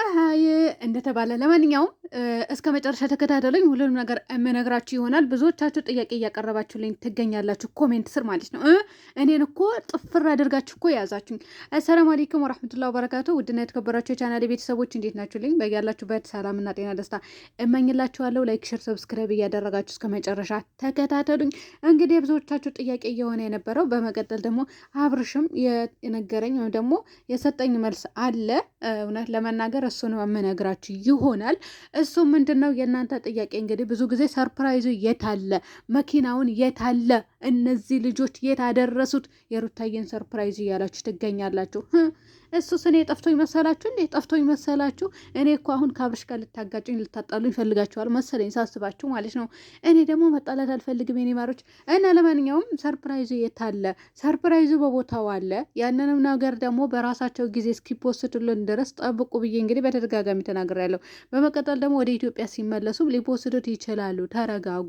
ፀሐይ እንደተባለ ለማንኛውም እስከ መጨረሻ ተከታተሉኝ። ሁሉንም ነገር የምነግራችሁ ይሆናል። ብዙዎቻችሁ ጥያቄ እያቀረባችሁልኝ ትገኛላችሁ፣ ኮሜንት ስር ማለት ነው። እኔን እኮ ጥፍር አድርጋችሁ እኮ የያዛችሁኝ። አሰላሙ አለይኩም ወራህመቱላሂ ወበረካቱ። ውድና የተከበራችሁ የቻናል ቤተሰቦች እንዴት ናችሁልኝ? በያላችሁበት ሰላምና ጤና ደስታ እመኝላችኋለሁ። ላይክ፣ ሼር፣ ሰብስክራይብ እያደረጋችሁ እስከ መጨረሻ ተከታተሉኝ። እንግዲህ የብዙዎቻችሁ ጥያቄ እየሆነ የነበረው በመቀጠል ደግሞ አብርሽም የነገረኝ ወይም ደግሞ የሰጠኝ መልስ አለ እውነት ለመናገር እሱ ነው የምነግራችሁ ይሆናል። እሱ ምንድን ነው የእናንተ ጥያቄ እንግዲህ ብዙ ጊዜ ሰርፕራይዙ የታለ መኪናውን የታለ እነዚህ ልጆች የት አደረሱት የሩታዬን ሰርፕራይዙ እያላችሁ ትገኛላችሁ። እሱስ እኔ ጠፍቶኝ መሰላችሁ እንዴ? ጠፍቶኝ መሰላችሁ? እኔ እኮ አሁን ካብርሽ ጋር ልታጋጩኝ፣ ልታጣሉኝ ፈልጋችኋል መሰለኝ ሳስባችሁ ማለት ነው። እኔ ደግሞ መጣላት አልፈልግም የኔ ማሮች። እና ለማንኛውም ሰርፕራይዙ የታለ? ሰርፕራይዙ በቦታው አለ። ያንንም ነገር ደግሞ በራሳቸው ጊዜ እስኪፖስቱልን ድረስ ጠብቁ ብዬ እንግዲህ በተደጋጋሚ ተናግሬያለሁ። በመቀጠል ደግሞ ወደ ኢትዮጵያ ሲመለሱም ሊፖስቱት ይችላሉ። ተረጋጉ።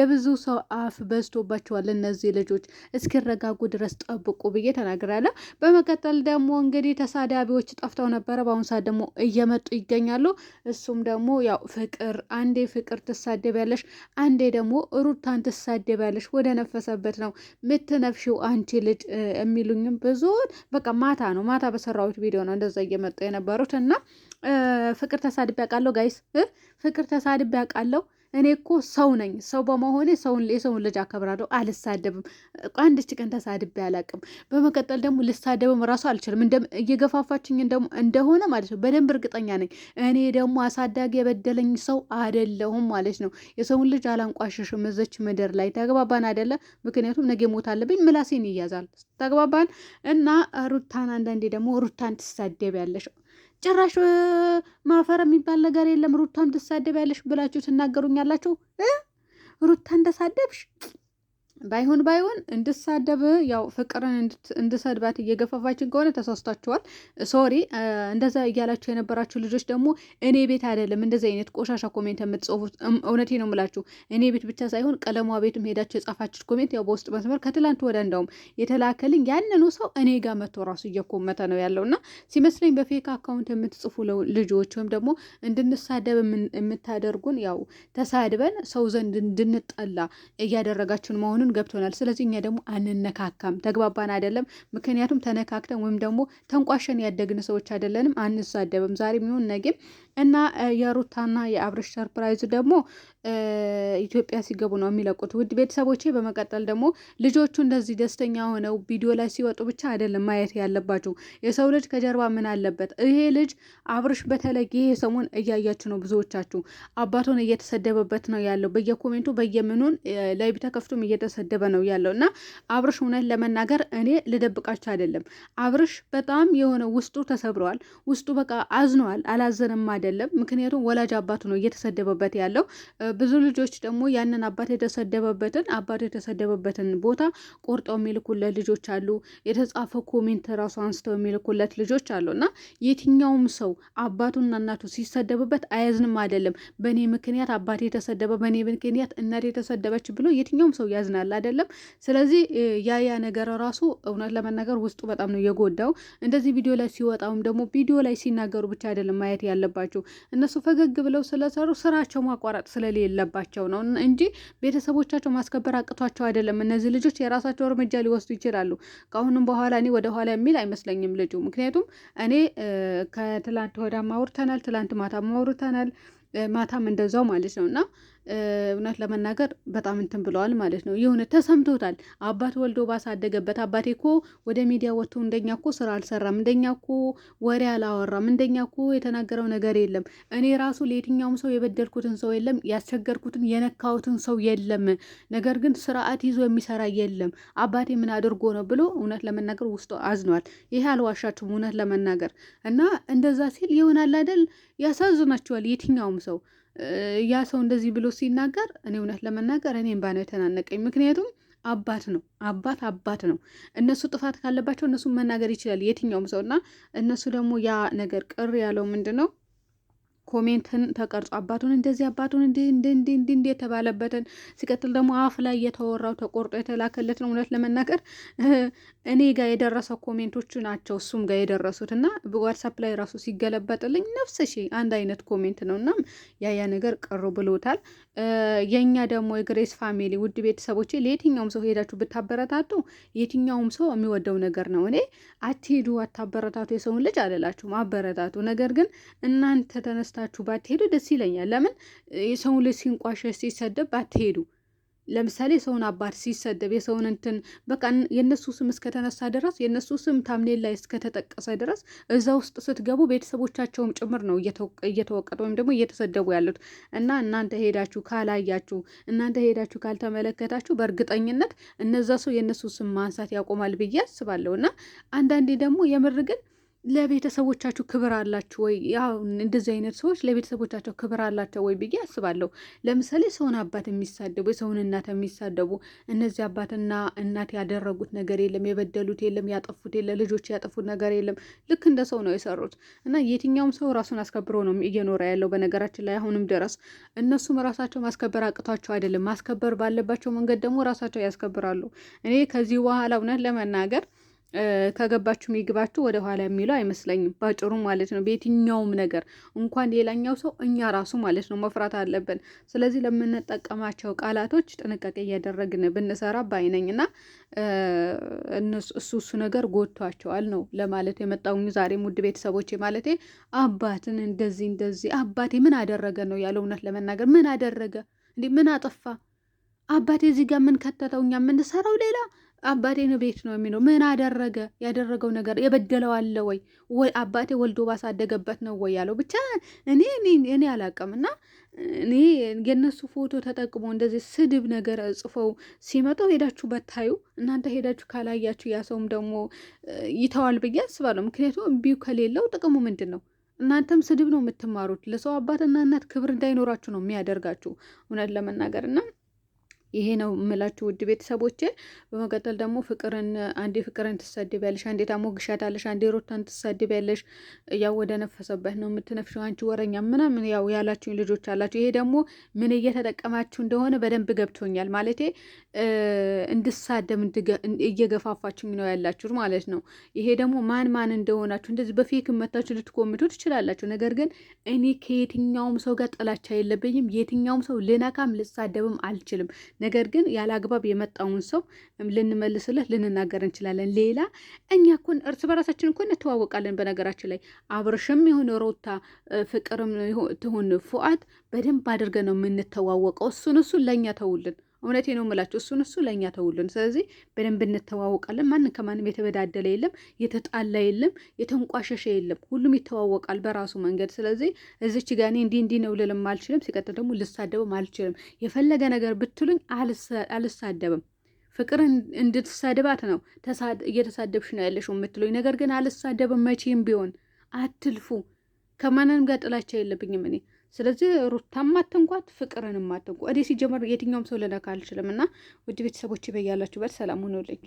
የብዙ ሰው አፍ በዝቶባቸዋል እነዚህ ልጆች። እስኪረጋጉ ድረስ ጠብቁ ብዬ ተናግሬያለሁ። በመቀጠል ደግሞ እንግዲህ ተሳዳቢዎች ጠፍተው ነበረ። በአሁኑ ሰዓት ደግሞ እየመጡ ይገኛሉ። እሱም ደግሞ ያው ፍቅር አንዴ ፍቅር ትሳደቢያለሽ፣ አንዴ ደግሞ ሩታን ትሳደቢያለሽ። ወደ ነፈሰበት ነው ምትነፍሽው አንቺ ልጅ የሚሉኝም ብዙ በቃ ማታ ነው ማታ በሰራሁት ቪዲዮ ነው እንደዛ እየመጡ የነበሩት እና ፍቅር ተሳድቤ አውቃለሁ ጋይስ፣ ፍቅር ተሳድቤ አውቃለሁ እኔ እኮ ሰው ነኝ። ሰው በመሆኔ ሰውን የሰውን ልጅ አከብራለሁ። አልሳደብም። አንድች ቀን ተሳድቤ አላውቅም። በመቀጠል ደግሞ ልሳደብም ራሱ አልችልም። እየገፋፋችኝ እንደሆነ ማለት ነው በደንብ እርግጠኛ ነኝ። እኔ ደግሞ አሳዳጊ የበደለኝ ሰው አደለሁም ማለት ነው። የሰውን ልጅ አላንቋሽሽም እዚች ምድር ላይ ተግባባን አይደለ? ምክንያቱም ነገ ሞት አለብኝ፣ ምላሴን ይያዛል። ተግባባን እና ሩታን አንዳንዴ ደግሞ ሩታን ትሳደብ ያለሽ ጭራሽ ማፈር የሚባል ነገር የለም። ሩታን ትሳደብ ያለሽ ብላችሁ ትናገሩኛላችሁ። ሩታ እንደሳደብሽ ባይሆን ባይሆን እንድሳደብ ያው ፍቅርን እንድሰድባት እየገፋፋችን ከሆነ ተሳስታችኋል። ሶሪ። እንደዛ እያላችሁ የነበራችሁ ልጆች ደግሞ እኔ ቤት አይደለም እንደዚ አይነት ቆሻሻ ኮሜንት የምትጽፉት፣ እውነቴ ነው የምላችሁ እኔ ቤት ብቻ ሳይሆን ቀለሟ ቤትም ሄዳችሁ የጻፋችሁት ኮሜንት ያው በውስጥ መስመር ከትላንት ወደ እንደውም የተላከልኝ ያንኑ ሰው እኔ ጋር መቶ ራሱ እየኮመተ ነው ያለው እና ሲመስለኝ በፌክ አካውንት የምትጽፉ ልጆች ወይም ደግሞ እንድንሳደብ የምታደርጉን ያው ተሳድበን ሰው ዘንድ እንድንጠላ እያደረጋችሁን መሆኑን መሆኑን ገብቶናል። ስለዚህ እኛ ደግሞ አንነካካም። ተግባባን አይደለም? ምክንያቱም ተነካክተን ወይም ደግሞ ተንቋሸን ያደግን ሰዎች አይደለንም። አንሳደብም። ዛሬ የሚሆን ነገም እና የሩታና የአብርሽ ሰርፕራይዝ ደግሞ ኢትዮጵያ ሲገቡ ነው የሚለቁት። ውድ ቤተሰቦቼ፣ በመቀጠል ደግሞ ልጆቹ እንደዚህ ደስተኛ ሆነው ቪዲዮ ላይ ሲወጡ ብቻ አይደለም ማየት ያለባችሁ። የሰው ልጅ ከጀርባ ምን አለበት? ይሄ ልጅ አብርሽ፣ በተለይ ይሄ ሰሞን እያያችሁ ነው ብዙዎቻችሁ፣ አባቱን እየተሰደበበት ነው ያለው። በየኮሜንቱ በየምኑን ላይ ቢተከፍቱም እየተሰደበ ነው ያለው እና አብርሽ እውነት ለመናገር እኔ ልደብቃችሁ አይደለም፣ አብርሽ በጣም የሆነ ውስጡ ተሰብረዋል። ውስጡ በቃ አዝነዋል። አላዘንም አይደለም አይደለም። ምክንያቱም ወላጅ አባቱ ነው እየተሰደበበት ያለው። ብዙ ልጆች ደግሞ ያንን አባት የተሰደበበትን አባቱ የተሰደበበትን ቦታ ቆርጠው የሚልኩለት ልጆች አሉ። የተጻፈ ኮሜንት ራሱ አንስተው የሚልኩለት ልጆች አሉ እና የትኛውም ሰው አባቱና እናቱ ሲሰደብበት አያዝንም አይደለም። በእኔ ምክንያት አባት የተሰደበ፣ በእኔ ምክንያት እናቴ የተሰደበች ብሎ የትኛውም ሰው ያዝናል አይደለም። ስለዚህ ያ ያ ነገር ራሱ እውነት ለመናገር ውስጡ በጣም ነው የጎዳው። እንደዚህ ቪዲዮ ላይ ሲወጣውም ደግሞ ቪዲዮ ላይ ሲናገሩ ብቻ አይደለም ማየት ያለባቸው ያለባችሁ። እነሱ ፈገግ ብለው ስለሰሩ ስራቸው ማቋረጥ ስለሌለባቸው ነው እንጂ ቤተሰቦቻቸው ማስከበር አቅቷቸው አይደለም። እነዚህ ልጆች የራሳቸው እርምጃ ሊወስዱ ይችላሉ። ከአሁንም በኋላ እኔ ወደኋላ የሚል አይመስለኝም ልጁ። ምክንያቱም እኔ ከትላንት ወዲያ አውርተናል፣ ትላንት ማታ አውርተናል፣ ማታም እንደዛው ማለት ነው እና እውነት ለመናገር በጣም እንትን ብለዋል ማለት ነው። የሆነ ተሰምቶታል። አባት ወልዶ ባሳደገበት አባቴ እኮ ወደ ሚዲያ ወጥቶ እንደኛ እኮ ስራ አልሰራም፣ እንደኛ እኮ ወሬ አላወራም፣ እንደኛ እኮ የተናገረው ነገር የለም። እኔ ራሱ ለየትኛውም ሰው የበደልኩትን ሰው የለም፣ ያስቸገርኩትን የነካሁትን ሰው የለም። ነገር ግን ስርዓት ይዞ የሚሰራ የለም። አባቴ ምን አድርጎ ነው ብሎ እውነት ለመናገር ውስጡ አዝኗል። ይሄ አልዋሻችሁም፣ እውነት ለመናገር እና እንደዛ ሲል ይሆናል አይደል? ያሳዝናችኋል የትኛውም ሰው ያ ሰው እንደዚህ ብሎ ሲናገር እኔ እውነት ለመናገር እኔም ባነው የተናነቀኝ። ምክንያቱም አባት ነው አባት አባት ነው። እነሱ ጥፋት ካለባቸው እነሱ መናገር ይችላል የትኛውም ሰው እና እነሱ ደግሞ ያ ነገር ቅር ያለው ምንድን ነው ኮሜንትን ተቀርጾ አባቱን እንደዚህ አባቱን እንዲህ እንዲህ እንዲህ የተባለበትን ሲቀጥል ደግሞ አፍ ላይ የተወራው ተቆርጦ የተላከለትን እውነት ለመናገር እኔ ጋር የደረሰው ኮሜንቶቹ ናቸው እሱም ጋር የደረሱት እና ዋትሳፕ ላይ ራሱ ሲገለበጥልኝ ነፍስ ሺ አንድ አይነት ኮሜንት ነው እና ያያ ነገር ቅር ብሎታል። የእኛ ደግሞ የግሬስ ፋሚሊ ውድ ቤተሰቦች ለየትኛውም ሰው ሄዳችሁ ብታበረታቱ የትኛውም ሰው የሚወደው ነገር ነው። እኔ አትሄዱ አታበረታቱ የሰውን ልጅ አልላችሁም፣ አበረታቱ። ነገር ግን እናንተ ተነስተ ገፍታችሁ ባትሄዱ ደስ ይለኛል። ለምን የሰውን ልጅ ሲንቋሸሽ ሲሰደብ ባትሄዱ ለምሳሌ የሰውን አባት ሲሰደብ የሰውን እንትን በቃ የእነሱ ስም እስከተነሳ ድረስ የእነሱ ስም ታምኔል ላይ እስከተጠቀሰ ድረስ እዛ ውስጥ ስትገቡ ቤተሰቦቻቸውም ጭምር ነው እየተወቀጡ ወይም ደግሞ እየተሰደቡ ያሉት እና እናንተ ሄዳችሁ ካላያችሁ እናንተ ሄዳችሁ ካልተመለከታችሁ በእርግጠኝነት እነዛ ሰው የእነሱ ስም ማንሳት ያቆማል ብዬ አስባለሁ። እና አንዳንዴ ደግሞ የምር ግን ለቤተሰቦቻችሁ ክብር አላችሁ ወይ? ያው እንደዚህ አይነት ሰዎች ለቤተሰቦቻቸው ክብር አላቸው ወይ ብዬ አስባለሁ። ለምሳሌ ሰውን አባት የሚሳደቡ የሰውን እናት የሚሳደቡ እነዚህ አባትና እናት ያደረጉት ነገር የለም፣ የበደሉት የለም፣ ያጠፉት የለም፣ ልጆች ያጠፉት ነገር የለም። ልክ እንደ ሰው ነው የሰሩት እና የትኛውም ሰው ራሱን አስከብሮ ነው እየኖረ ያለው። በነገራችን ላይ አሁንም ድረስ እነሱም ራሳቸው ማስከበር አቅቷቸው አይደለም፣ ማስከበር ባለባቸው መንገድ ደግሞ ራሳቸው ያስከብራሉ። እኔ ከዚህ በኋላ እውነት ለመናገር ከገባችሁ ይግባችሁ ወደ ኋላ የሚለው አይመስለኝም። ባጭሩ ማለት ነው። በየትኛውም ነገር እንኳን ሌላኛው ሰው እኛ ራሱ ማለት ነው መፍራት አለብን። ስለዚህ ለምንጠቀማቸው ቃላቶች ጥንቃቄ እያደረግን ብንሰራ ባይነኝ እና እሱ እሱ ነገር ጎድቷቸዋል ነው ለማለት የመጣውኝ ዛሬ ውድ ቤተሰቦቼ ማለቴ አባትን እንደዚህ እንደዚህ አባቴ ምን አደረገ ነው ያለው። እውነት ለመናገር ምን አደረገ እንዴ? ምን አጠፋ አባቴ? እዚህ ጋር ምን ከተተው? እኛ የምንሰራው ሌላ ነው ቤት ነው የሚለው። ምን አደረገ? ያደረገው ነገር የበደለው አለ ወይ? ወይ አባቴ ወልዶ ባሳደገበት ነው ወይ ያለው? ብቻ እኔ እኔ አላውቅም። እና እኔ የእነሱ ፎቶ ተጠቅሞ እንደዚህ ስድብ ነገር ጽፈው ሲመጡ ሄዳችሁ በታዩ እናንተ ሄዳችሁ ካላያችሁ ያ ሰውም ደግሞ ይተዋል ብዬ አስባለሁ። ምክንያቱም እምቢው ከሌለው ጥቅሙ ምንድን ነው? እናንተም ስድብ ነው የምትማሩት። ለሰው አባትና እናት ክብር እንዳይኖራችሁ ነው የሚያደርጋችሁ እውነት ለመናገር እና ይሄ ነው የምላችሁ ውድ ቤተሰቦች በመቀጠል ደግሞ ፍቅርን አንዴ ፍቅርን ትሳደቢያለሽ፣ አንዴ ታሞግሻታለሽ፣ አንዴ ሮታን ትሳደቢያለሽ። ያው ወደ ነፈሰበት ነው የምትነፍሽው አንቺ ወረኛ ምናምን ያው ያላችሁኝ ልጆች አላችሁ። ይሄ ደግሞ ምን እየተጠቀማችሁ እንደሆነ በደንብ ገብቶኛል። ማለቴ እንድሳደብ እየገፋፋችሁኝ ነው ያላችሁ ማለት ነው። ይሄ ደግሞ ማን ማን እንደሆናችሁ እንደዚህ በፌክ መታችሁ ልትኮምቱ ትችላላችሁ። ነገር ግን እኔ ከየትኛውም ሰው ጋር ጥላቻ የለብኝም። የትኛውም ሰው ልነካም ልሳደብም አልችልም። ነገር ግን ያለ አግባብ የመጣውን ሰው ልንመልስለት ልንናገር እንችላለን። ሌላ እኛ እኮን እርስ በራሳችን እኮ እንተዋወቃለን። በነገራችን ላይ አብርሽም የሆነ ሮታ ፍቅርም ትሁን ፉአት በደንብ አድርገን ነው የምንተዋወቀው። እሱን እሱን ለእኛ ተውልን። እውነቴ ነው የምላቸው። እሱን እሱ ለእኛ ተውልን። ስለዚህ በደንብ እንተዋወቃለን። ማንም ከማንም የተበዳደለ የለም፣ የተጣላ የለም፣ የተንቋሸሸ የለም። ሁሉም ይተዋወቃል በራሱ መንገድ። ስለዚህ እዚች ጋ እኔ እንዲህ እንዲህ ነው ልልም አልችልም። ሲቀጥል ደግሞ ልሳደብም አልችልም። የፈለገ ነገር ብትሉኝ አልሳደብም። ፍቅር እንድትሳደባት ነው እየተሳደብሽ ነው ያለሽው የምትሉኝ። ነገር ግን አልሳደብም መቼም ቢሆን አትልፉ። ከማንም ጋር ጥላቻ የለብኝም እኔ ስለዚህ ሩታም አትንኳት፣ ፍቅርንም አትንኳ። እኔ ሲጀመር የትኛውም ሰው ልነካ አልችልም እና ውድ ቤተሰቦች በያላችሁበት ሰላም ሆኖልኝ